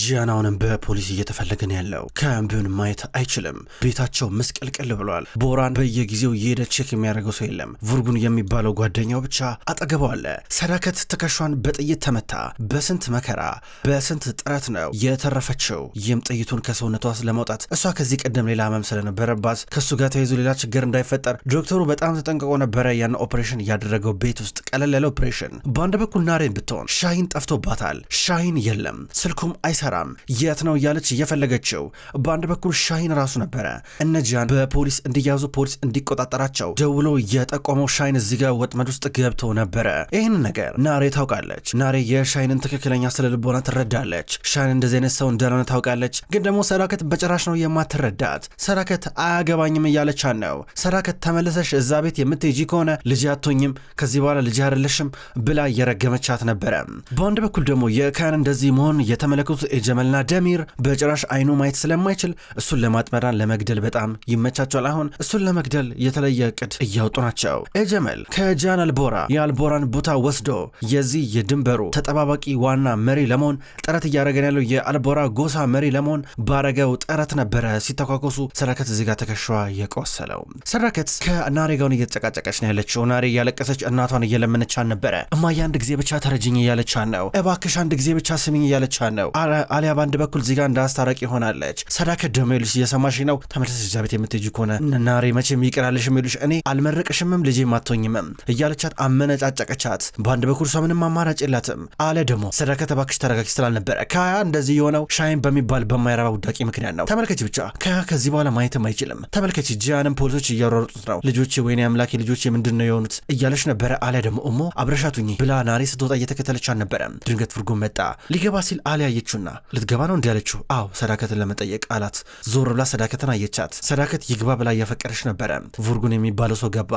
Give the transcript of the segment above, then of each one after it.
ጂያን አሁንም በፖሊስ እየተፈለገ ነው ያለው። ካምቢውን ማየት አይችልም። ቤታቸው መስቀልቅል ብሏል። ቦራን በየጊዜው የሄደ ቼክ የሚያደርገው ሰው የለም። ቡርጉን የሚባለው ጓደኛው ብቻ አጠገቧ አለ። ሰዳከት ትከሿን በጥይት ተመታ። በስንት መከራ በስንት ጥረት ነው የተረፈችው። ይህም ጥይቱን ከሰውነቷ ለማውጣት እሷ ከዚህ ቀደም ሌላ ህመም ስለነበረባት ከእሱ ጋር ተያይዞ ሌላ ችግር እንዳይፈጠር ዶክተሩ በጣም ተጠንቅቆ ነበረ ያን ኦፕሬሽን እያደረገው ቤት ውስጥ ቀለል ያለ ኦፕሬሽን። በአንድ በኩል ናሬን ብትሆን ሻሂን ጠፍቶባታል። ሻሂን የለም ስልኩም አይ አይሰራም፣ የት ነው እያለች እየፈለገችው። በአንድ በኩል ሻይን ራሱ ነበረ እነጃን በፖሊስ እንዲያዙ ፖሊስ እንዲቆጣጠራቸው ደውሎ የጠቆመው ሻይን እዚህ ጋር ወጥመድ ውስጥ ገብቶ ነበረ። ይህን ነገር ናሬ ታውቃለች። ናሬ የሻይንን ትክክለኛ ስለ ልቦና ትረዳለች። ሻይን እንደዚህ አይነት ሰው እንዳልሆነ ታውቃለች። ግን ደግሞ ሰራከት በጭራሽ ነው የማትረዳት። ሰራከት አያገባኝም እያለቻን ነው። ሰራከት ተመልሰሽ እዛ ቤት የምትሄጂ ከሆነ ልጅ አቶኝም ከዚህ በኋላ ልጅ አይደለሽም ብላ እየረገመቻት ነበረ። በአንድ በኩል ደግሞ የካህን እንደዚህ መሆን የተመለከቱ ሲያስቡት ጀመልና ደሚር በጭራሽ አይኑ ማየት ስለማይችል እሱን ለማጥመዳን ለመግደል በጣም ይመቻቸዋል። አሁን እሱን ለመግደል የተለየ እቅድ እያወጡ ናቸው። ኤጀመል ከጃን አልቦራ የአልቦራን ቦታ ወስዶ የዚህ የድንበሩ ተጠባባቂ ዋና መሪ ለመሆን ጥረት እያደረገን ያለው የአልቦራ ጎሳ መሪ ለመሆን ባረገው ጥረት ነበረ ሲተኳኮሱ ሰራከት እዚህ ጋር ተከሸዋ የቆሰለው ሰራከት ከናሬ ጋውን እየተጨቃጨቀች ነው ያለችው። ናሬ እያለቀሰች እናቷን እየለመነቻን ነበረ። እማዬ አንድ ጊዜ ብቻ ተረጅኝ እያለቻን ነው። እባክሽ አንድ ጊዜ ብቻ ስሚኝ እያለቻን ነው። አሊያ በአንድ በኩል እዚህ ዚጋ እንዳስታረቅ ይሆናለች። ሰዳከ ደግሞ ይሉሽ እየሰማሽ ነው ተመለሰሽ እዚያ ቤት የምትሄጂ ከሆነ ናሬ መቼም ይቅራልሽ የሚሉሽ እኔ አልመረቅሽምም ልጄ ማቶኝምም እያለቻት አመነጫጨቀቻት። በአንድ በኩል እሷ ምንም አማራጭ የላትም። አሊያ ደግሞ ሰዳከ ተባክሽ ተረጋጊ ስላልነበረ ከያ እንደዚህ የሆነው ሻይን በሚባል በማይረባ ውዳቂ ምክንያት ነው። ተመልከች ብቻ ከያ ከዚህ በኋላ ማየትም አይችልም። ተመልከች ጂያንም ፖሊሶች እያሯሩጡት ነው። ልጆቼ ወይኔ አምላኬ ልጆቼ ምንድን ነው የሆኑት እያለች ነበረ። አሊያ ደግሞ እሞ አብረሻቱኝ ብላ ናሬ ስትወጣ እየተከተለች አልነበረም። ድንገት ፍርጎ መጣ። ሊገባ ሲል አሊያ አየችው። አለችና ልትገባ ነው እንዲያለችው አዎ ሰዳከትን ለመጠየቅ አላት። ዞር ብላ ሰዳከትን አየቻት። ሰዳከት ይግባ ብላ እያፈቀረች ነበረ። ቡርጉን የሚባለው ሰው ገባ።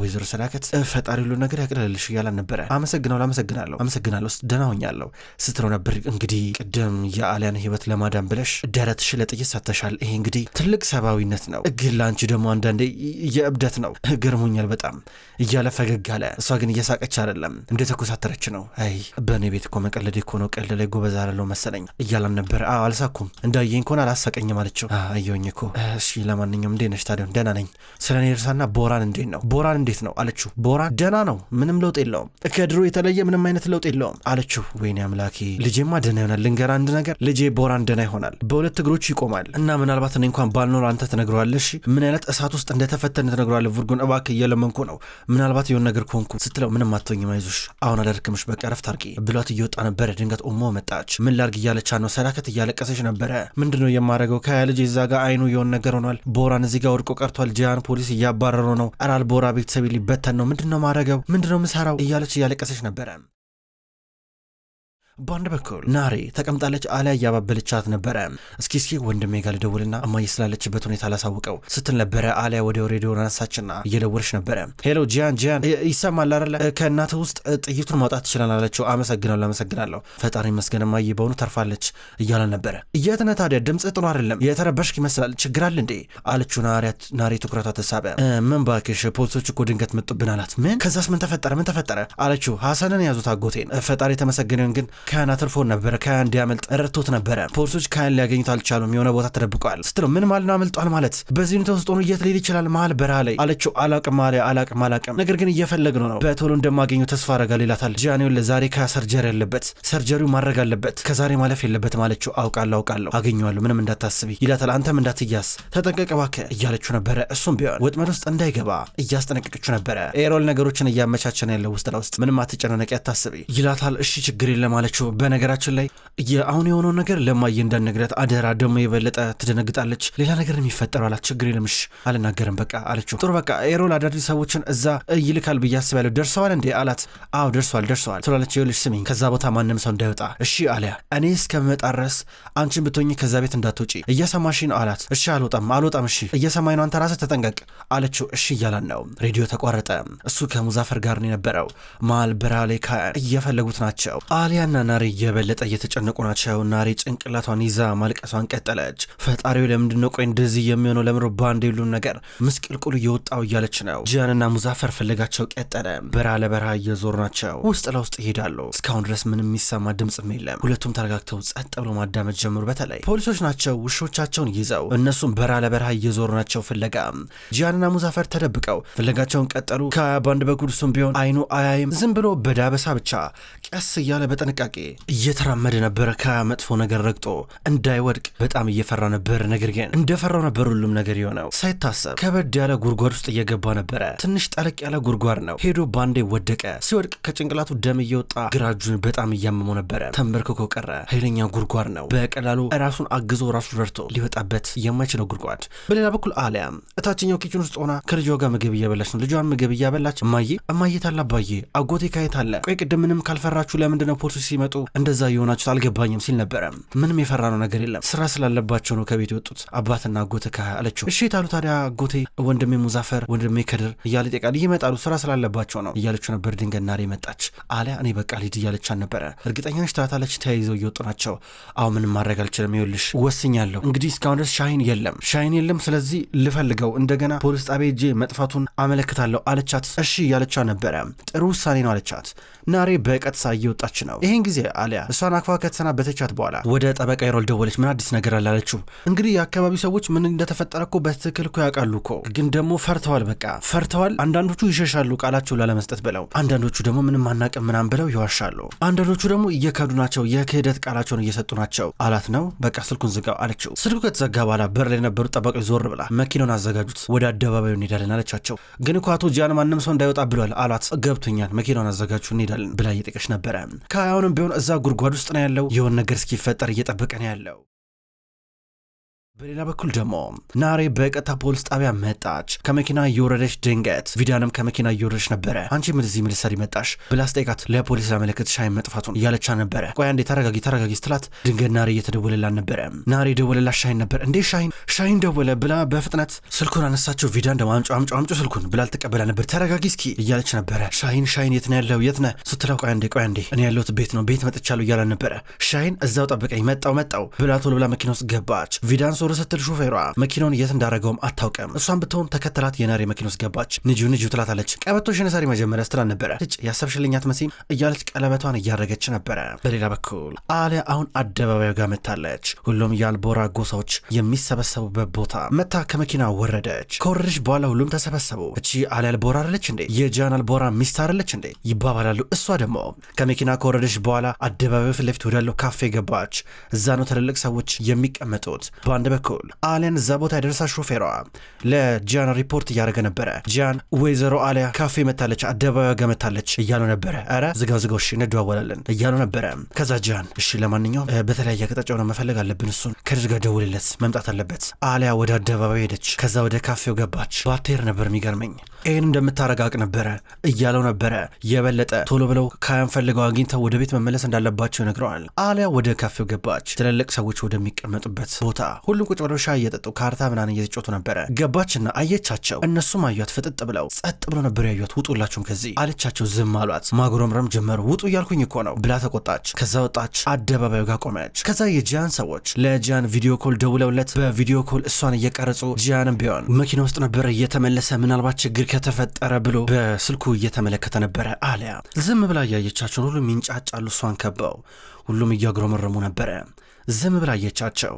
ወይዘሮ ሰዳከት ፈጣሪ ሁሉ ነገር ያቅልልሽ እያላን ነበረ። አመሰግናው ላመሰግናለሁ አመሰግናለሁ ደህና ሆኛለሁ ስትለው ነበር። እንግዲህ ቅድም የአሊያን ህይወት ለማዳን ብለሽ ደረትሽ ለጥይት ሰተሻል። ይሄ እንግዲህ ትልቅ ሰብአዊነት ነው፣ ግን ለአንቺ ደግሞ አንዳንዴ የእብደት ነው። ገርሞኛል በጣም እያለ ፈገግ አለ። እሷ ግን እየሳቀች አይደለም እንደተኮሳተረች ነው። አይ በእኔ ቤት እኮ መቀለድ እኮ ነው ላይ ጎበዝ አለው መሰለ መሰለኝ እያለም ነበር። አልሳኩም እንዳየኝ ከሆነ አላሳቀኝም አለችው። አየሁኝ እኮ እሺ፣ ለማንኛውም እንዴት ነሽ ታዲያ? ደህና ነኝ። ስለ እኔ እርሳና ቦራን እንዴት ነው ቦራን እንዴት ነው አለችው። ቦራን ደህና ነው፣ ምንም ለውጥ የለውም። ከድሮ የተለየ ምንም አይነት ለውጥ የለውም አለችው። ወይኔ አምላኬ፣ ልጄማ ደህና ይሆናል። ልንገር አንድ ነገር፣ ልጄ ቦራን ደህና ይሆናል፣ በሁለት እግሮቹ ይቆማል። እና ምናልባት እኔ እንኳን ባልኖር አንተ ትነግረዋለሽ፣ ምን አይነት እሳት ውስጥ እንደተፈተነ ትነግረዋለህ። ቡርጉን እባክህ እየለመንኩ ነው፣ ምናልባት የሆን ነገር ከሆንኩ ስትለው፣ ምንም አትሆኝም፣ አይዞሽ፣ አሁን አደርክምሽ፣ በቃ ረፍት አድርጊ ብሏት እየወጣ ነበረ። ድንገት ኦሞ መጣች። ምን ላርግ እያለቻ ነው። ሰዳከት እያለቀሰች ነበረ። ምንድነው የማደርገው? ከያ ልጅ እዛ ጋር አይኑ የሆነ ነገር ሆኗል። ቦራን እዚህ ጋር ወድቆ ቀርቷል። ጂያን ፖሊስ እያባረሩ ነው። አራል ቦራ ቤተሰብ ሊበተን ነው። ምንድነው ማድረገው? ምንድነው ምሰራው? እያለች እያለቀሰች ነበረ። በአንድ በኩል ናሬ ተቀምጣለች። አሊያ እያባበለቻት ነበረ። እስኪ እስኪ ወንድሜ ጋር ልደውልና እማዬ ስላለችበት ሁኔታ ላሳውቀው ስትል ነበረ። አሊያ ወደ ሬዲዮ አነሳችና እየደወለች ነበረ። ሄሎ ጂያን፣ ጂያን ይሰማል አይደለ? ከእናተ ውስጥ ጥይቱን ማውጣት ትችላል አለችው። አመሰግናለሁ፣ አመሰግናለሁ፣ ፈጣሪ መስገን እማዬ በሆኑ ተርፋለች እያለ ነበረ። የት ነህ ታዲያ? ድምጽ ጥሩ አይደለም፣ የተረበሽክ ይመስላል። ችግር አለ እንዴ አለችው። ናሬ ትኩረቷ ተሳበ። ምን ባክሽ ፖሊሶች እኮ ድንገት መጡብን አላት። ምን? ከዛስ ምን ተፈጠረ? ምን ተፈጠረ አለችው። ሀሰንን ያዙት አጎቴን። ፈጣሪ የተመሰገነውን ግን ካያን አትርፎን ነበረ። ካያን እንዲያመልጥ ረድቶት ነበረ። ፖሊሶች ካያን ሊያገኙት አልቻሉም። የሆነ ቦታ ተደብቀዋል ስትለው ምን ማለት ነው አመልጧል ማለት በዚህ ሁኔታ ውስጥ ሆኖ የት ሊል ይችላል? መሀል በረሃ ላይ አለችው። አላቅም አለ አላቅም አላቅም፣ ነገር ግን እየፈለግነው ነው። በቶሎ እንደማገኘው ተስፋ አደርጋለሁ ይላታል። ጃኔውን ለዛሬ ካያ ሰርጀሪ ያለበት ሰርጀሪው ማድረግ አለበት። ከዛሬ ማለፍ የለበትም አለችው። አውቃለሁ አውቃለሁ፣ አገኘዋለሁ፣ ምንም እንዳታስቢ ይላታል። አንተም እንዳትያስ ተጠንቀቅ እባክህ እያለችው ነበረ። እሱም ቢሆን ወጥመድ ውስጥ እንዳይገባ እያስጠነቀቀችው ነበረ። ኤሮል ነገሮችን እያመቻቸን ያለው ውስጥ ለውስጥ ምንም አትጨናነቂ፣ አታስቢ ይላታል። እሺ ችግር የለም አለች አለችው። በነገራችን ላይ የአሁን የሆነውን ነገር ለማየ እንዳነግረት አደራ፣ ደግሞ የበለጠ ትደነግጣለች። ሌላ ነገር የሚፈጠረው አላት። ችግር የለምሽ አልናገርም በቃ አለችው። ጥሩ በቃ ኤሮል አዳዲስ ሰዎችን እዛ ይልካል ብዬ አስባለሁ። ደርሰዋል እንዴ አላት። አዎ ደርሰዋል ደርሰዋል ትላለች። ይኸውልሽ ስሚኝ፣ ከዛ ቦታ ማንም ሰው እንዳይወጣ እሺ አሊያ፣ እኔ እስከምመጣ ድረስ አንቺን ብትሆኚ ከዛ ቤት እንዳትወጪ እየሰማሽ ነው አላት። እሺ አልወጣም አልወጣም እሺ እየሰማኝ ነው አንተ ራስህ ተጠንቀቅ አለችው። እሺ እያላን ነው። ሬዲዮ ተቋረጠ። እሱ ከሙዛፈር ጋር ነው የነበረው። መሀል በረሃ ላይ እየፈለጉት ናቸው። አሊያና ናሬ እየበለጠ እየተጨነቁ ናቸው። ናሪ ጭንቅላቷን ይዛ ማልቀሷን ቀጠለች። ፈጣሪው ለምንድን ነው ቆይ እንደዚህ የሚሆነው? ለምሮ በአንድ የሉን ነገር ምስቅልቁሉ እየወጣው እያለች ነው። ጂያንና ሙዛፈር ፍለጋቸው ቀጠለ። በረሃ ለበረሃ እየዞሩ ናቸው። ውስጥ ለውስጥ ይሄዳሉ። እስካሁን ድረስ ምንም የሚሰማ ድምፅም የለም። ሁለቱም ተረጋግተው ጸጥ ብሎ ማዳመጥ ጀምሩ። በተለይ ፖሊሶች ናቸው ውሾቻቸውን ይዘው እነሱም በረሃ ለበረሃ እየዞሩ ናቸው ፍለጋ። ጂያንና ሙዛፈር ተደብቀው ፍለጋቸውን ቀጠሉ። በአንድ በኩል እሱም ቢሆን አይኑ አያይም። ዝም ብሎ በዳበሳ ብቻ ቀስ እያለ በጥንቃቄ ጥንቃቄ እየተራመደ ነበረ። ከመጥፎ ነገር ረግጦ እንዳይወድቅ በጣም እየፈራ ነበር። ነገር ግን እንደፈራው ነበር ሁሉም ነገር የሆነው። ሳይታሰብ ከበድ ያለ ጉድጓድ ውስጥ እየገባ ነበረ። ትንሽ ጠለቅ ያለ ጉድጓድ ነው። ሄዶ ባንዴ ወደቀ። ሲወድቅ ከጭንቅላቱ ደም እየወጣ ግራ እጁን በጣም እያመመው ነበረ። ተንበርክኮ ቀረ። ኃይለኛ ጉድጓድ ነው። በቀላሉ ራሱን አግዞ ራሱ ረድቶ ሊወጣበት የማይችለው ጉድጓድ። በሌላ በኩል አሊያም እታችኛው ኪችን ውስጥ ሆና ከልጇ ጋር ምግብ እያበላች ነው። ልጇን ምግብ እያበላች እማዬ እማየት አላባዬ አጎቴ ካየት አለ ቆይ ቅድም ምንም ካልፈራችሁ ለምንድነው ፖሊሱ ሲመጡ እንደዛ የሆናችሁት አልገባኝም ሲል ነበረ። ምንም የፈራነው ነገር የለም ስራ ስላለባቸው ነው ከቤት የወጡት አባትና አጎተ አለችው። እሺ የታሉ ታዲያ አጎቴ፣ ወንድሜ ሙዛፈር፣ ወንድሜ ከድር እያለ ይጠቃል። ይመጣሉ ስራ ስላለባቸው ነው እያለችው ነበር። ድንገት ናሬ መጣች። አሊያ እኔ በቃ ልሂድ እያለቻ ነበረ። እርግጠኛ ነሽ ትላታለች። ተያይዘው እየወጡ ናቸው። አሁን ምንም ማድረግ አልችልም። ይኸውልሽ ወስኛለሁ። እንግዲህ እስካሁን ድረስ ሻይን የለም ሻይን የለም። ስለዚህ ልፈልገው እንደገና ፖሊስ ጣቢያ ሄጄ መጥፋቱን አመለክታለሁ አለቻት። እሺ እያለቻ ነበረ። ጥሩ ውሳኔ ነው አለቻት ናሬ። በቀጥታ እየወጣች ነው። ይሄን ጊዜ አሊያ እሷን አክፋ ከተሰናበተቻት በኋላ ወደ ጠበቃ ይሮል ደወለች። ምን አዲስ ነገር አለ አለችው። እንግዲህ የአካባቢው ሰዎች ምን እንደተፈጠረ እኮ በትክክል እኮ ያውቃሉ እኮ ግን ደግሞ ፈርተዋል፣ በቃ ፈርተዋል። አንዳንዶቹ ይሸሻሉ ቃላቸው ላለመስጠት ብለው፣ አንዳንዶቹ ደግሞ ምንም አናቅም ምናም ብለው ይዋሻሉ። አንዳንዶቹ ደግሞ እየከዱ ናቸው፣ የክህደት ቃላቸውን እየሰጡ ናቸው አላት። ነው በቃ ስልኩን ዝጋው አለችው። ስልኩ ከተዘጋ በኋላ በር ላይ የነበሩ ጠበቃ ዞር ብላ መኪናውን አዘጋጁት፣ ወደ አደባባዩ እንሄዳለን አለቻቸው። ግን እኮ አቶ ጂያን ማንም ሰው እንዳይወጣ ብሏል አሏት። ገብቶኛል፣ መኪናውን አዘጋጁ እንሄዳለን ብላ እየጠቀች ነበረ ከአሁንም ቢሆን እዛ ጉድጓድ ውስጥ ነው ያለው። የሆን ነገር እስኪፈጠር እየጠበቀ ነው ያለው። በሌላ በኩል ደግሞ ናሬ በቀጥታ ፖሊስ ጣቢያ መጣች። ከመኪና እየወረደች ድንገት ቪዳንም ከመኪና እየወረደች ነበረ። አንቺ ምን እዚህ ምን ልትሰሪ መጣሽ ብላ ስጠይቃት ለፖሊስ ላመለክት ሻይን መጥፋቱን እያለቻ ነበረ። ቆይ አንዴ ተረጋጊ ተረጋጊ ስትላት ድንገት ናሬ እየተደወለላን ነበረ። ናሬ ደወለላት ሻይን ነበር። እንዴ ሻይን ሻይን ደወለ ብላ በፍጥነት ስልኩን አነሳቸው። ቪዳን ደግሞ አምጮ አምጮ አምጮ ስልኩን ብላ አልተቀበላ ነበር። ተረጋጊ እስኪ እያለች ነበረ። ሻይን ሻይን የት ነው ያለው የት ነህ ስትለው ቆይ አንዴ ቆይ አንዴ እኔ ያለሁት ቤት ነው ቤት መጥቻለሁ እያለ ነበረ። ሻይን እዛው ጠብቀኝ መጣው መጣው ብላ ቶሎ ብላ መኪና ውስጥ ገባች። ቪዳን ሶር ዞር ስትል ሾፌሯ መኪናውን የት እንዳደረገውም አታውቅም። እሷን ብትሆን ተከተላት። የናሬ መኪና ውስጥ ገባች። ንጁ ትላታለች። ቀበቶሽን ሳሪ መጀመሪያ ስትላል ነበረ ልጭ ያሰብሽልኛት መሲም እያለች ቀለበቷን እያደረገች ነበረ። በሌላ በኩል አሊያ አሁን አደባባዩ ጋር መታለች። ሁሉም የአልቦራ ጎሳዎች የሚሰበሰቡበት ቦታ መታ ከመኪና ወረደች። ከወረደች በኋላ ሁሉም ተሰበሰቡ። እቺ አሊያ አልቦራ አለች እንዴ የጃን አልቦራ ሚስት አለች እንዴ ይባባላሉ። እሷ ደግሞ ከመኪና ከወረደች በኋላ አደባባዩ ፊት ለፊት ወዳለው ካፌ ገባች። እዛ ነው ትልልቅ ሰዎች የሚቀመጡት። በአንድ በኩል አሊያን እዛ ቦታ የደረሳ ሾፌሯ ለጂያን ሪፖርት እያደረገ ነበረ። ጂያን ወይዘሮ አሊያ ካፌ መታለች፣ አደባባይ መታለች እያሉ ነበረ። ኧረ ዝጋው ዝጋው፣ እሺ እንደዋወላለን እያሉ ነበረ። ከዛ ጂያን እሺ፣ ለማንኛውም በተለያየ አቅጣጫ ሆነ መፈለግ አለብን። እሱን ከድርጋ ደውልለት መምጣት አለበት። አሊያ ወደ አደባባይ ሄደች፣ ከዛ ወደ ካፌው ገባች። ባቴር ነበር የሚገርመኝ ይህን እንደምታረጋቅ ነበረ እያለው ነበረ። የበለጠ ቶሎ ብለው ካያን ፈልገው አግኝተው ወደ ቤት መመለስ እንዳለባቸው ይነግረዋል። አሊያ ወደ ካፌው ገባች፣ ትልልቅ ሰዎች ወደሚቀመጡበት ቦታ ሁሉ ሁሉ ቁጭ ብለው ሻይ እየጠጡ ካርታ ምናምን እየተጫወቱ ነበረ። ገባችና አየቻቸው። እነሱም አዩት ፍጥጥ ብለው ጸጥ ብለው ነበር ያዩት። ውጡላችሁም ከዚህ አለቻቸው። ዝም አሏት። ማጉረምረም ጀመሩ። ውጡ እያልኩኝ እኮ ነው ብላ ተቆጣች። ከዛ ወጣች። አደባባዩ ጋር ቆመች። ከዛ የጂያን ሰዎች ለጂያን ቪዲዮ ኮል ደውለውለት በቪዲዮ ኮል እሷን እየቀረጹ ጂያንም ቢሆን መኪና ውስጥ ነበረ እየተመለሰ ምናልባት ችግር ከተፈጠረ ብሎ በስልኩ እየተመለከተ ነበረ። አሊያ ዝም ብላ እያየቻቸውን ሁሉም ይንጫጫሉ። እሷን ከበው ሁሉም እያጉረመረሙ ነበረ። ዝም ብላ አየቻቸው።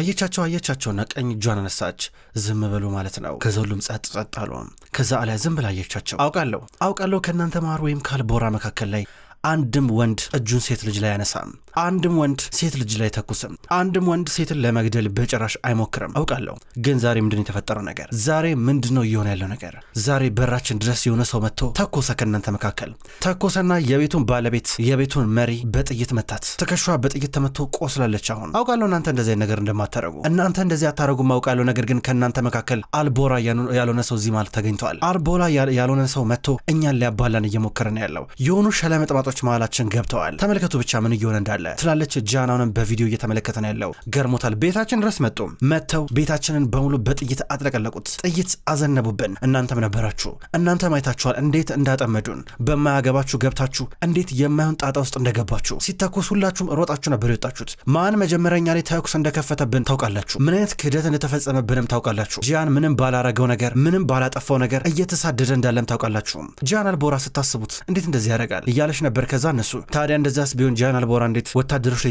አየቻቸው አየቻቸውና ቀኝ እጇን አነሳች። ዝም በሉ ማለት ነው። ከዛ ሁሉም ጸጥ ጸጥ አሉ። ከዛ አሊያ ዝም ብላ አየቻቸው። አውቃለሁ አውቃለሁ ከእናንተ ማር ወይም ካልቦራ መካከል ላይ አንድም ወንድ እጁን ሴት ልጅ ላይ አያነሳም። አንድም ወንድ ሴት ልጅ ላይ ተኩስም። አንድም ወንድ ሴትን ለመግደል በጭራሽ አይሞክርም። አውቃለሁ። ግን ዛሬ ምንድን የተፈጠረው ነገር? ዛሬ ምንድን ነው እየሆነ ያለው ነገር? ዛሬ በራችን ድረስ የሆነ ሰው መጥቶ ተኮሰ። ከእናንተ መካከል ተኮሰና የቤቱን ባለቤት የቤቱን መሪ በጥይት መታት። ትከሿ በጥይት ተመቶ ቆስላለች። አሁን አውቃለሁ እናንተ እንደዚህ ነገር እንደማታደረጉ እናንተ እንደዚህ አታረጉም አውቃለሁ። ነገር ግን ከእናንተ መካከል አልቦራ ያልሆነ ሰው እዚህ ማለት ተገኝተዋል። አልቦራ ያልሆነ ሰው መጥቶ እኛን ሊያባላን እየሞከረ ነው ያለው የሆኑ ሸለመጥማጦ ሻጮች መሀላችን ገብተዋል። ተመልከቱ ብቻ ምን እየሆነ እንዳለ ትላለች ጃናውንም በቪዲዮ እየተመለከተ ነው ያለው። ገርሞታል። ቤታችን ድረስ መጡ። መጥተው ቤታችንን በሙሉ በጥይት አጥለቀለቁት። ጥይት አዘነቡብን። እናንተም ነበራችሁ። እናንተ አይታችኋል እንዴት እንዳጠመዱን። በማያገባችሁ ገብታችሁ እንዴት የማይሆን ጣጣ ውስጥ እንደገባችሁ። ሲተኩስ ሁላችሁም ሮጣችሁ ነበር የወጣችሁት። ማን መጀመሪያኛ ላይ ተኩስ እንደከፈተብን ታውቃላችሁ። ምን አይነት ክህደት እንደተፈጸመብንም ታውቃላችሁ። ጂያን ምንም ባላረገው ነገር ምንም ባላጠፋው ነገር እየተሳደደ እንዳለም ታውቃላችሁ። ጂያን አልቦራ ስታስቡት እንዴት እንደዚህ ያደርጋል እያለች ነበር ነበር። ከዛ እነሱ ታዲያ እንደዚያስ ቢሆን ጃን አልቦራ እንዴት ወታደሮች ላይ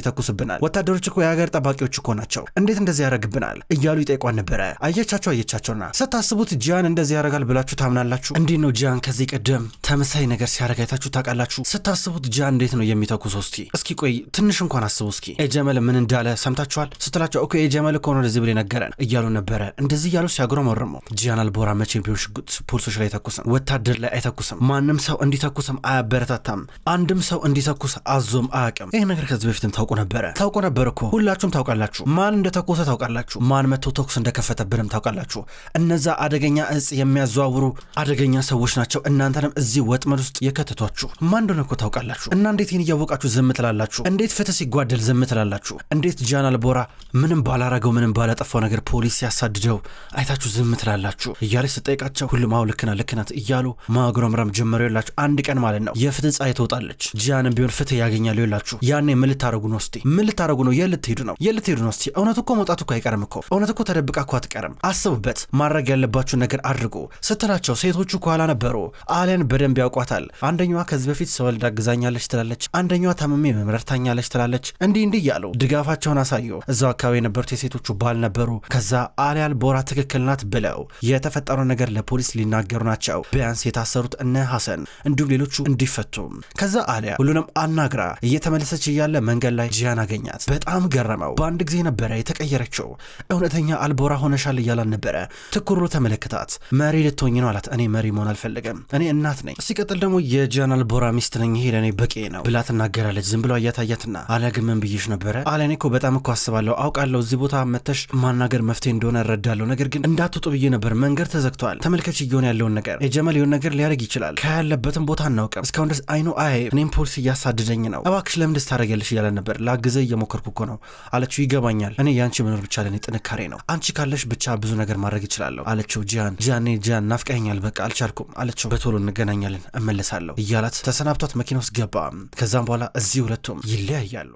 ወታደሮች እኮ የሀገር ጠባቂዎች እኮ ናቸው፣ እንዴት እንደዚህ ያደረግብናል? እያሉ ይጠይቋን ነበረ። አየቻቸው አየቻቸውና ስታስቡት ጃን እንደዚህ ያደርጋል ብላችሁ ታምናላችሁ? እንዴት ነው ጃን ከዚህ ቀደም ተመሳይ ነገር ሲያደርግ አይታችሁ ታውቃላችሁ? ስታስቡት ጃን እንዴት ነው የሚተኩሰው? እስኪ እስኪ ቆይ ትንሽ እንኳን አስቡ እስኪ ኤጀመል ምን እንዳለ ሰምታችኋል? ስትላቸው እኮ ኤጀመል እኮ ነው እንደዚህ ብሎ ነገረን እያሉ ነበረ። እንደዚህ እያሉ ሲያጉረመርሙ ጃን አልቦራ መቼም ቢሆን ሽጉጥ ፖሊሶች ላይ አይተኩስም፣ ወታደር ላይ አይተኩስም፣ ማንም ሰው እንዲተኩስም አያበረታታም። አንድም ሰው እንዲተኩስ አዞም አያውቅም። ይህ ነገር ከዚህ በፊትም ታውቆ ነበረ ታውቆ ነበር እኮ ሁላችሁም ታውቃላችሁ። ማን እንደተኮሰ ታውቃላችሁ። ማን መቶ ተኩስ እንደከፈተብንም ታውቃላችሁ። እነዛ አደገኛ እጽ የሚያዘዋውሩ አደገኛ ሰዎች ናቸው። እናንተንም እዚህ ወጥመድ ውስጥ የከተቷችሁ ማን እንደሆነ እኮ ታውቃላችሁ። እና እንዴት ይህን እያወቃችሁ ዝም ትላላችሁ? እንዴት ፍትህ ሲጓደል ዝም ትላላችሁ? እንዴት ጃናል ቦራ ምንም ባላረገው ምንም ባላጠፋው ነገር ፖሊስ ሲያሳድደው አይታችሁ ዝም ትላላችሁ? እያለች ስጠይቃቸው ሁሉም አዎ ልክና ልክናት እያሉ ማግረምረም ጀመሩ። ያላችሁ አንድ ቀን ማለት ነው የፍትህ ፀሐይ ትወጣለች። ትሆናለች። ጂያንም ቢሆን ፍትህ ያገኛሉ ይላችሁ ያኔ ምን ልታረጉ ነው? እስቲ ምን ልታረጉ ነው? የት ልትሄዱ ነው? የት ልትሄዱ ነው? እስቲ እውነት እኮ መውጣት እኮ አይቀርም እኮ እውነት እኮ ተደብቃ እኮ አትቀርም። አስቡበት። ማድረግ ያለባችሁ ነገር አድርጉ ስትላቸው ሴቶቹ ከኋላ ነበሩ። አሊያን በደንብ ያውቋታል። አንደኛዋ ከዚህ በፊት ሰወልዳ አግዛኛለች ትላለች፣ አንደኛዋ ታምሜ መምረር ታኛለች ትላለች። እንዲህ እንዲህ እያሉ ድጋፋቸውን አሳዩ። እዛው አካባቢ የነበሩት የሴቶቹ ባል ነበሩ። ከዛ አሊያን ቦራ ትክክል ናት ብለው የተፈጠረው ነገር ለፖሊስ ሊናገሩ ናቸው። ቢያንስ የታሰሩት እነ ሐሰን እንዲሁም ሌሎቹ እንዲፈቱ ከዛ አሊያ ሁሉንም አናግራ እየተመለሰች እያለ መንገድ ላይ ጂያን አገኛት። በጣም ገረመው። በአንድ ጊዜ ነበረ የተቀየረችው። እውነተኛ አልቦራ ሆነሻል እያላን ነበረ። ትኩሩ ተመለከታት። መሪ ልትሆኝ ነው አላት። እኔ መሪ መሆን አልፈልግም፣ እኔ እናት ነኝ። ሲቀጥል ደግሞ የጂያን አልቦራ ሚስት ነኝ፣ ይሄ ለእኔ በቂ ነው ብላ ትናገራለች። ዝም ብሎ አያታያትና አሊያ ግን ምን ብዬሽ ነበረ? አሊያ እኔ እኮ በጣም እኮ አስባለሁ፣ አውቃለሁ እዚህ ቦታ መተሽ ማናገር መፍትሄ እንደሆነ እረዳለሁ። ነገር ግን እንዳትወጡ ብዬ ነበር። መንገድ ተዘግቷል። ተመልከች እየሆነ ያለውን ነገር የጀመል የሆነ ነገር ሊያደርግ ይችላል። ከያለበትም ቦታ አናውቅም። እስካሁን ድረስ አይኑ አያ ጌታዬ፣ እኔም ፖሊስ እያሳደደኝ ነው፣ እባክሽ ለምን ታደርጊያለሽ እያለ ነበር። ላግዝህ እየሞከርኩ እኮ ነው አለችው። ይገባኛል፣ እኔ የአንቺ መኖር ብቻ ለእኔ ጥንካሬ ነው፣ አንቺ ካለሽ ብቻ ብዙ ነገር ማድረግ እችላለሁ አለችው። ጂያን ጂያኔ ጂያን ናፍቀኸኛል፣ በቃ አልቻልኩም አለችው። በቶሎ እንገናኛለን፣ እመለሳለሁ እያላት ተሰናብቷት መኪና ውስጥ ገባ። ከዛም በኋላ እዚህ ሁለቱም ይለያያሉ።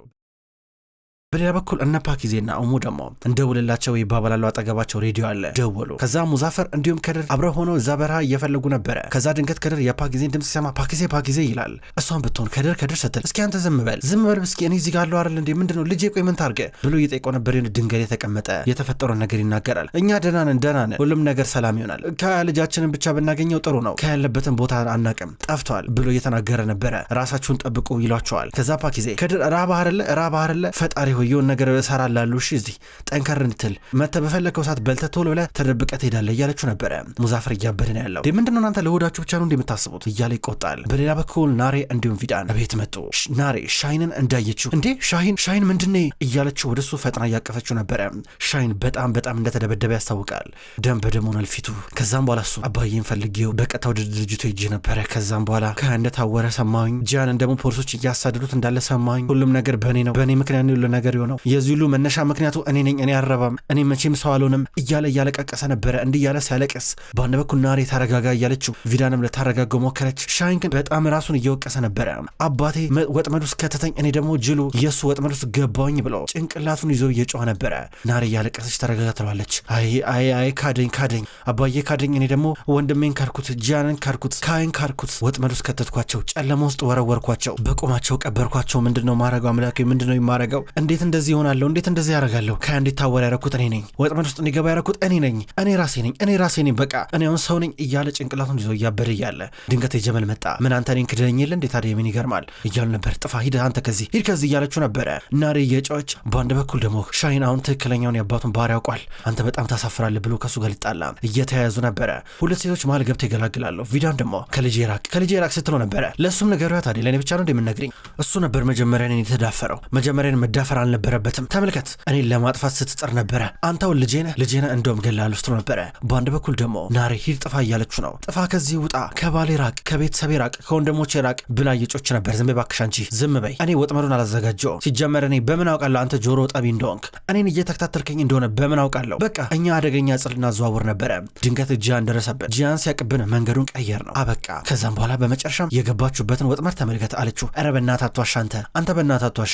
በሌላ በኩል እነ ፓኪዜና እሙ ደግሞ እንደውልላቸው ይባባላሉ። አጠገባቸው ሬዲዮ አለ። ደወሉ። ከዛ ሙዛፈር እንዲሁም ከድር አብረ ሆነው እዛ በረሃ እየፈለጉ ነበረ። ከዛ ድንገት ከድር የፓኪዜን ድምፅ ሲሰማ ፓኪዜ ፓኪዜ ይላል። እሷን ብትሆን ከድር ከድር ስትል እስኪ አንተ ዝም በል ዝም በል እስኪ እኔ ዚጋ አለው አለሁ አይደል እንዴ ምንድነው ነው ልጄ ቆይ ምን ታርገ ብሎ እየጠየቀው ነበር። ድንገት የተቀመጠ የተፈጠረውን ነገር ይናገራል። እኛ ደህና ነን ደህና ነን፣ ሁሉም ነገር ሰላም ይሆናል። ከልጃችንን ብቻ ብናገኘው ጥሩ ነው። ከያለበትን ቦታ አናቅም ጠፍቷል ብሎ እየተናገረ ነበረ። ራሳችሁን ጠብቁ ይሏቸዋል። ከዛ ፓኪዜ ከድር ራባ አይደለ ራባ አይደለ ፈጣሪ ሆይ የሆን ነገር እሰራላለሁ፣ እሺ እዚህ ጠንከር እንድትል መተ በፈለግከው ሰዓት በልተ ቶሎ ብለ ተደብቀ ትሄዳለህ እያለችው ነበረ። ሙዛፈር እያበደ ነው ያለው። ምንድነው እናንተ ለሆዳችሁ ብቻ ነው እንደምታስቡት እያለ ይቆጣል። በሌላ በኩል ናሬ እንዲሁም ቪዳን ቤት መጡ። ናሬ ሻይንን እንዳየችው እንዴ ሻይን ሻይን ምንድነ እያለችው ወደሱ ፈጥና እያቀፈችው ነበረ። ሻይን በጣም በጣም እንደተደበደበ ያስታውቃል። ደም በደም ሆኗል ፊቱ። ከዛም በኋላ እሱ አባዬን ፈልጌው በቀጥታ ወደ ድርጅቱ ሄጄ ነበረ። ከዛም በኋላ እንደታወረ ሰማኝ። ጃን ደግሞ ፖሊሶች እያሳደዱት እንዳለ ሰማኝ። ሁሉም ነገር በእኔ ነው፣ በእኔ ምክንያት ሁሉ ነገር ነበር ነው። የዚህ ሁሉ መነሻ ምክንያቱ እኔ ነኝ፣ እኔ አረባም፣ እኔ መቼም ሰው አልሆንም እያለ እያለቀቀሰ ነበረ። እንዲህ እያለ ሲያለቅስ በአንድ በኩል ናሬ ተረጋጋ እያለችው ቪዳንም ልታረጋገው ሞከረች። ሻይን ግን በጣም ራሱን እየወቀሰ ነበረ። አባቴ ወጥመድ ውስጥ ከተተኝ፣ እኔ ደግሞ ጅሉ የእሱ ወጥመድ ውስጥ ገባኝ ብሎ ጭንቅላቱን ይዞ እየጮኸ ነበረ። ናሬ እያለቀሰች ተረጋጋ ትለዋለች። አይ አይ አይ ካደኝ ካደኝ፣ አባዬ ካደኝ፣ እኔ ደግሞ ወንድሜን ካርኩት፣ ጃንን ካርኩት፣ ካይን ካርኩት፣ ወጥመድ ውስጥ ከተትኳቸው፣ ጨለማ ውስጥ ወረወርኳቸው፣ በቁማቸው ቀበርኳቸው። ምንድን ነው ማረገው አምላኬ? ምንድን ነው የማረገው? እንዴት እንደዚህ ይሆናለሁ? እንዴት እንደዚህ ያደርጋለሁ? ከያ እንዲታወር ያደረኩት እኔ ነኝ። ወጥመድ ውስጥ እንዲገባ ያደረኩት እኔ ነኝ። እኔ ራሴ ነኝ። እኔ ራሴ ነኝ። በቃ እኔ አሁን ሰው ነኝ እያለ ጭንቅላቱን ይዞ እያበደ እያለ ድንገት የጀመል መጣ። ምን አንተ እኔን ክደኝ የለ እንዴ? ታዲያ ምን ይገርማል እያሉ ነበር። ጥፋ ሂድ፣ አንተ ከዚህ ሂድ፣ ከዚህ እያለችው ነበረ። ናሬ የጫዎች። በአንድ በኩል ደግሞ ሻይን አሁን ትክክለኛውን የአባቱን ባህሪ ያውቋል። አንተ በጣም ታሳፍራለህ ብሎ ከሱ ጋር ሊጣላ እየተያያዙ ነበረ። ሁለት ሴቶች መሀል ገብተ ይገላግላለሁ። ቪዳን ደግሞ ከልጄ ራቅ፣ ከልጄ ራቅ ስትለው ነበረ። ለእሱም ነገሩ ታዲያ ለእኔ ብቻ ነው እንደምነግርኝ እሱ ነበር መጀመሪያን የተዳፈረው መጀመሪያን መዳፈር አልነበረበትም። ተመልከት፣ እኔን ለማጥፋት ስትጥር ነበረ። አንተውን ልጄነ ልጄነ እንደውም ገላል ውስጥ ነበረ። በአንድ በኩል ደግሞ ናሬ ሂድ ጥፋ እያለች ነው። ጥፋ፣ ከዚህ ውጣ፣ ከባሌ ራቅ፣ ከቤተሰቤ ራቅ፣ ከወንድሞቼ ራቅ ብላ እየጮች ነበር። ዝም በይ አንቺ ዝም በይ። እኔ ወጥመዱን አላዘጋጀውም። ሲጀመር እኔ በምን አውቃለሁ አንተ ጆሮ ጠቢ እንደሆንክ፣ እኔን እየተከታተልከኝ እንደሆነ በምን አውቃለሁ። በቃ እኛ አደገኛ ጽል እናዘዋውር ነበረ። ድንገት ጂያን ደረሰብን። ጂያን ሲያቅብን መንገዱን ቀየር ነው አበቃ። ከዛም በኋላ በመጨረሻም የገባችሁበትን ወጥመድ ተመልከት አለችው። ኧረ በእናትህ አትዋሽ አንተ አንተ በእናትህ አትዋሽ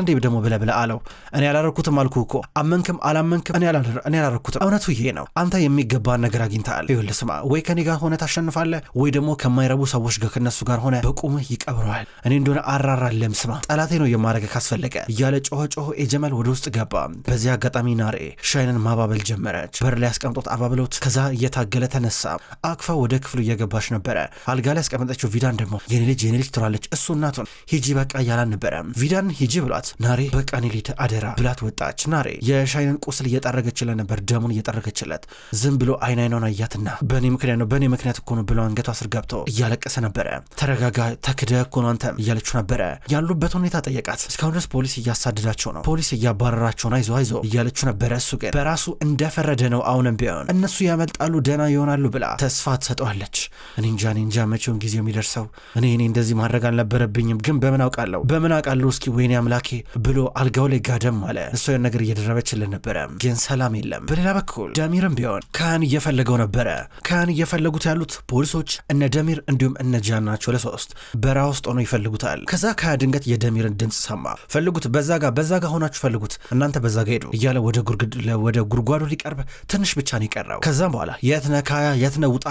እንዴ ደግሞ ብለ ብለህ አለው። እኔ አላረኩትም አልኩ እኮ አመንክም አላመንክም እኔ አላረኩትም። እውነቱ ይሄ ነው። አንተ የሚገባን ነገር አግኝተሃል። ይኸውልህ ስማ፣ ወይ ከኔ ጋር ሆነ ታሸንፋለህ፣ ወይ ደግሞ ከማይረቡ ሰዎች ጋር ከነሱ ጋር ሆነ በቁምህ ይቀብረዋል። እኔ እንደሆነ አራራለም። ስማ ጠላቴ ነው የማረገ ካስፈለገ እያለ ጮኸ ጮኸ። ኤጀመል ወደ ውስጥ ገባ። በዚህ አጋጣሚ ናሬ ሻይንን ማባበል ጀመረች። በር ላይ ያስቀምጦት አባብሎት ከዛ እየታገለ ተነሳ። አክፋ ወደ ክፍሉ እየገባች ነበረ። አልጋ ላይ ያስቀመጠችው ቪዳን ደግሞ የኔ ልጅ የኔ ልጅ ትሏለች። እሱ እናቱን ሂጂ በቃ እያላን ነበረ። ቪዳን ሂጂ ብሏት ናሬ በቃ ቀኒሊት አደራ ብላት ወጣች። ናሬ የሻይንን ቁስል እየጠረገችለት ነበር፣ ደሙን እየጠረገችለት ዝም ብሎ አይን አይኗን አያትና በእኔ ምክንያት ነው በእኔ ምክንያት እኮ ነው ብሎ አንገቷ ስር ገብቶ እያለቀሰ ነበረ። ተረጋጋ፣ ተክደ እኮ ነው አንተም እያለችው ነበረ። ያሉበት ሁኔታ ጠየቃት። እስካሁን ድረስ ፖሊስ እያሳደዳቸው ነው፣ ፖሊስ እያባረራቸው ነው፣ አይዞ አይዞ እያለችው ነበረ። እሱ ግን በራሱ እንደፈረደ ነው። አሁንም ቢሆን እነሱ ያመልጣሉ፣ ደና ይሆናሉ ብላ ተስፋ ትሰጠዋለች። እኔ እንጃ እኔ እንጃ መቼውን ጊዜው የሚደርሰው እኔ እኔ እንደዚህ ማድረግ አልነበረብኝም፣ ግን በምን አውቃለሁ በምን አውቃለሁ እስኪ ወይኔ አምላኬ ብሎ አልጋው ላይ ጋደም አለ። እሷ ያን ነገር እየደረበችልን ነበረ፣ ግን ሰላም የለም። በሌላ በኩል ደሚርም ቢሆን ካህን እየፈለገው ነበረ። ካህን እየፈለጉት ያሉት ፖሊሶች እነ ደሚር እንዲሁም እነ ጃን ናቸው። ለሶስት በረሃ ውስጥ ሆነው ይፈልጉታል። ከዛ ካያ ድንገት የደሚርን ድምፅ ሰማ። ፈልጉት፣ በዛ ጋ በዛ ጋ ሆናችሁ ፈልጉት፣ እናንተ በዛ ጋ ሄዱ እያለ ወደ ወደ ጉርጓዱ ሊቀርብ ትንሽ ብቻ ነው የቀረው። ከዛም በኋላ የትነ ካያ የትነ ውጣ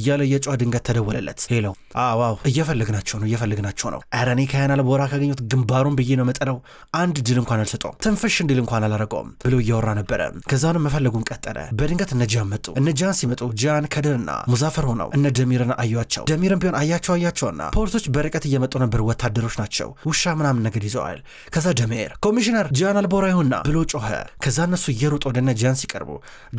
እያለ የጮኸ ድንገት ተደወለለት። ሄሎ፣ አዋው፣ እየፈለግናቸው ነው፣ እየፈለግናቸው ነው። ኧረ እኔ ካያን አለ በወራ ካገኘሁት ግንባሩን ብዬ ነው መጠነው አንድ እድል እንኳን አልሰጠውም፣ ትንፍሽ እንዲል እንኳን አላረገውም ብሎ እያወራ ነበረ። ከዛንም መፈለጉን ቀጠለ። በድንገት እነ ጃን መጡ። እነ ጃን ሲመጡ ጃን ከድርና ሙዛፈር ሆነው እነ ደሚርን አዩቸው። ደሚርን ቢሆን አያቸው አያቸውና ፖሊሶች በርቀት እየመጡ ነበር። ወታደሮች ናቸው፣ ውሻ ምናምን ነገር ይዘዋል። ከዛ ደሚር ኮሚሽነር ጃን አልቦራ ይሁና ብሎ ጮኸ። ከዛ እነሱ እየሮጠ ወደነ ጃን ሲቀርቡ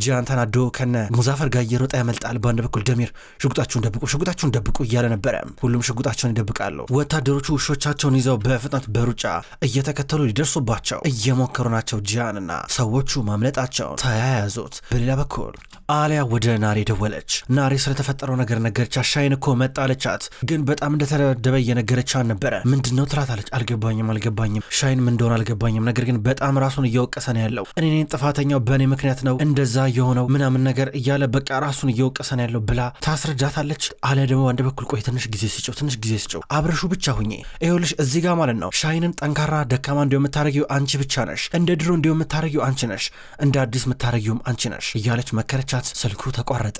ጃን ተናዶ ከነ ሙዛፈር ጋር እየሮጠ ያመልጣል። በአንድ በኩል ደሚር ሽጉጣችሁን ደብቁ፣ ሽጉጣችሁን ደብቁ እያለ ነበረ። ሁሉም ሽጉጣቸውን ይደብቃሉ። ወታደሮቹ ውሾቻቸውን ይዘው በፍጥነት በሩጫ እየተከተሉ ሊደርሱ ሊደርሱባቸው እየሞከሩ ናቸው። ጂያንና ሰዎቹ ማምለጣቸውን ተያያዙት። በሌላ በኩል አሊያ ወደ ናሬ ደወለች። ናሬ ስለተፈጠረው ነገር ነገረቻት። ሻይን እኮ መጣ አለቻት። ግን በጣም እንደተደበደበ እየነገረቻት አልነበረ። ምንድን ነው ትላታለች። አልገባኝም አልገባኝም፣ ሻይን ምን እንደሆነ አልገባኝም። ነገር ግን በጣም ራሱን እየወቀሰ ነው ያለው። እኔ ጥፋተኛው በእኔ ምክንያት ነው እንደዛ የሆነው ምናምን ነገር እያለ በቃ ራሱን እየወቀሰ ነው ያለው ብላ ታስረዳታለች። አሊያ ደግሞ አንድ በኩል ቆይ ትንሽ ጊዜ ስጭው፣ ትንሽ ጊዜ ስጭው፣ አብረሹ ብቻ ሁኜ ይኸውልሽ፣ እዚህ ጋር ማለት ነው ሻይንን ጠንካራ ደካማ እንዲሁ የምታደረግ የምታረጊው አንቺ ብቻ ነሽ፣ እንደ ድሮ እንዲሁ የምታረጊው አንቺ ነሽ፣ እንደ አዲስ የምታረጊውም አንቺ ነሽ እያለች መከረቻት። ስልኩ ተቋረጠ።